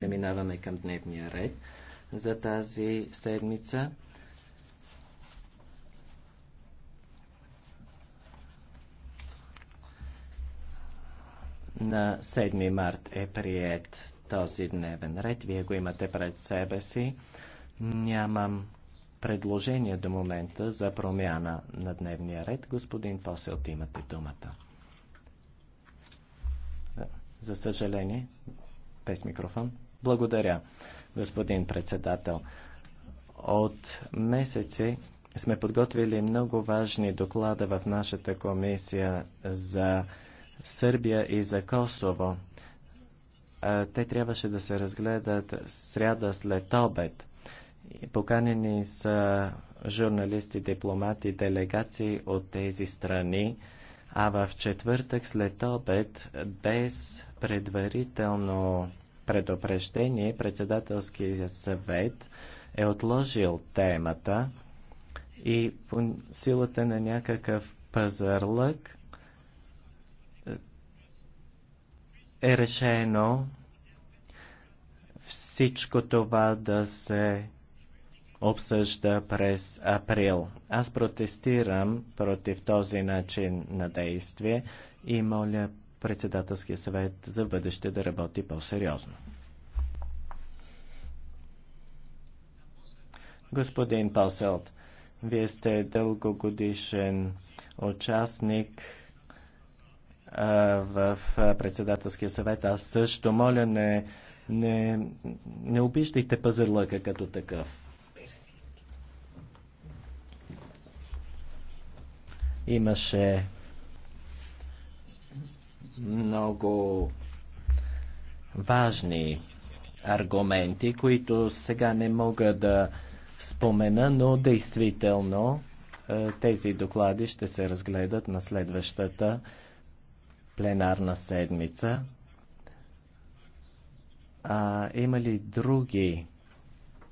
Преминаваме към дневния ред за тази седмица. На 7 март е прият този дневен ред. Вие го имате пред себе си. Нямам предложение до момента за промяна на дневния ред. Господин Посел, имате думата. За съжаление, без микрофон. Благодаря, господин председател. От месеци сме подготвили много важни доклада в нашата комисия за Сърбия и за Косово. Те трябваше да се разгледат сряда след обед. Поканени са журналисти, дипломати, делегации от тези страни, а в четвъртък след обед без предварително предупреждение председателският съвет е отложил темата и по силата на някакъв пазарлък е решено всичко това да се обсъжда през април. Аз протестирам против този начин на действие и моля председателския съвет за бъдеще да работи по-сериозно. Господин Паселт, вие сте дългогодишен участник в председателския съвет. Аз също моля не, не, не обиждайте пазарлъка като такъв. Имаше много важни аргументи, които сега не мога да спомена, но действително е, тези доклади ще се разгледат на следващата пленарна седмица. А има ли други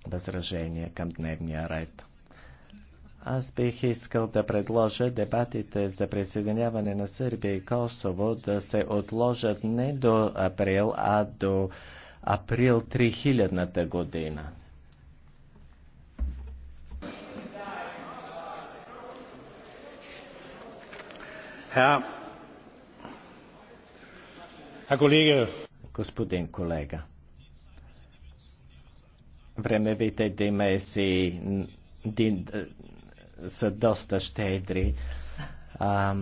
възражения към дневния ред? Аз бих искал да предложа дебатите за присъединяване на Сърбия и Косово да се отложат не до април, а до април 3000-та година. господин колега, времевите димесии са доста щедри. А,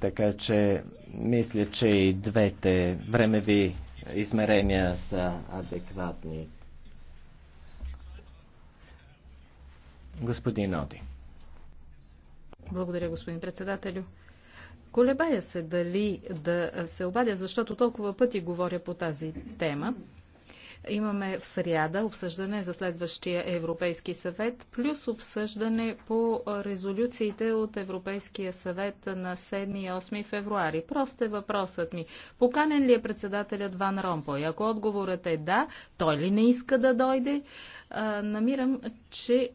така че мисля, че и двете времеви измерения са адекватни. Господин Оди. Благодаря, господин председателю. Колебая се дали да се обадя, защото толкова пъти говоря по тази тема. Имаме в сряда обсъждане за следващия Европейски съвет, плюс обсъждане по резолюциите от Европейския съвет на 7 и 8 февруари. Прост е въпросът ми. Поканен ли е председателят Ван Ромпой? Ако отговорът е да, той ли не иска да дойде? намирам, че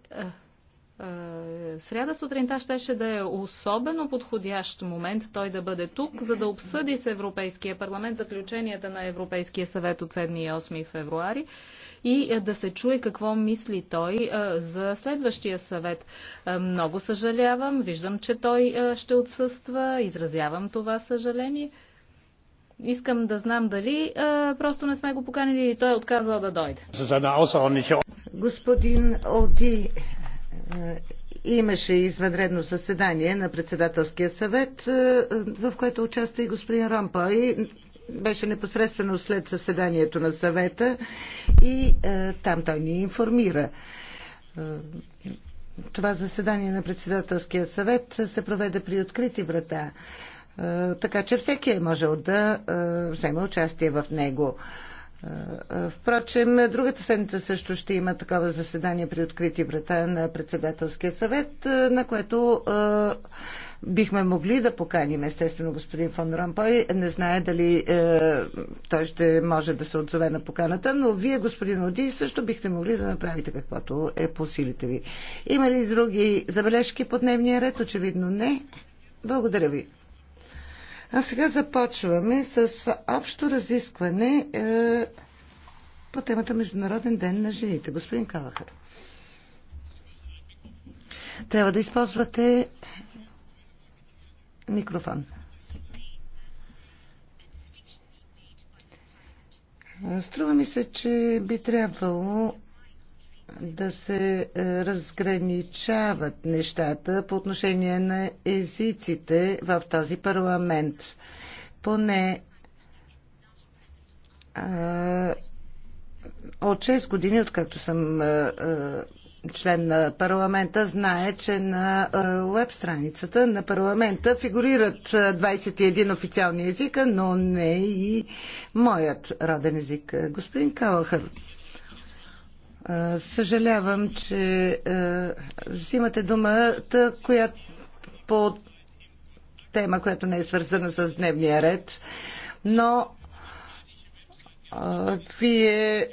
е, сряда сутринта щеше да е особено подходящ момент той да бъде тук, за да обсъди с Европейския парламент заключенията на Европейския съвет от 7 и 8 февруари и е, да се чуе какво мисли той е, за следващия съвет. Много съжалявам, виждам, че той ще отсъства, изразявам това съжаление. Искам да знам дали а, просто не сме го поканили и той е отказал да дойде. Господин Оди, Имаше извънредно заседание на председателския съвет, е, в което участва и господин Ромпа. И беше непосредствено след заседанието на съвета и е, там той ни информира. Е, това заседание на председателския съвет се проведе при открити врата, така че всеки е можел да вземе участие в него. Впрочем, другата седмица също ще има такова заседание при открити врата на председателския съвет, на което е, бихме могли да поканим, естествено, господин фон Рампой. Не знае дали е, той ще може да се отзове на поканата, но вие, господин Оди, също бихте могли да направите каквото е по силите ви. Има ли други забележки по дневния ред? Очевидно не. Благодаря ви. А сега започваме с общо разискване е, по темата Международен ден на жените. Господин Калахар. Трябва да използвате микрофон. Струва ми се, че би трябвало да се е, разграничават нещата по отношение на езиците в този парламент. Поне а, е, от 6 години, откакто съм а, е, член на парламента, знае, че на веб страницата на парламента фигурират 21 официални езика, но не и моят роден език. Господин Калахър. Съжалявам, че взимате думата, която по тема, която не е свързана с дневния ред, но вие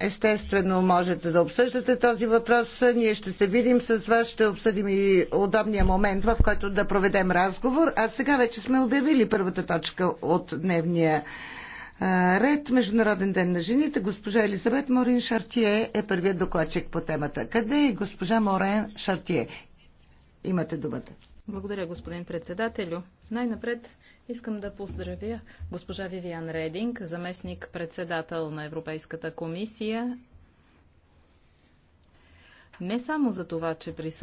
естествено можете да обсъждате този въпрос. Ние ще се видим с вас, ще обсъдим и удобния момент, в който да проведем разговор. А сега вече сме обявили първата точка от дневния ред Международен ден на жените. Госпожа Елизабет Морин Шартие е първият докладчик по темата. Къде е госпожа Морин Шартие? Имате думата. Благодаря, господин председателю. Най-напред искам да поздравя госпожа Вивиан Рединг, заместник председател на Европейската комисия, не само за това, че присъства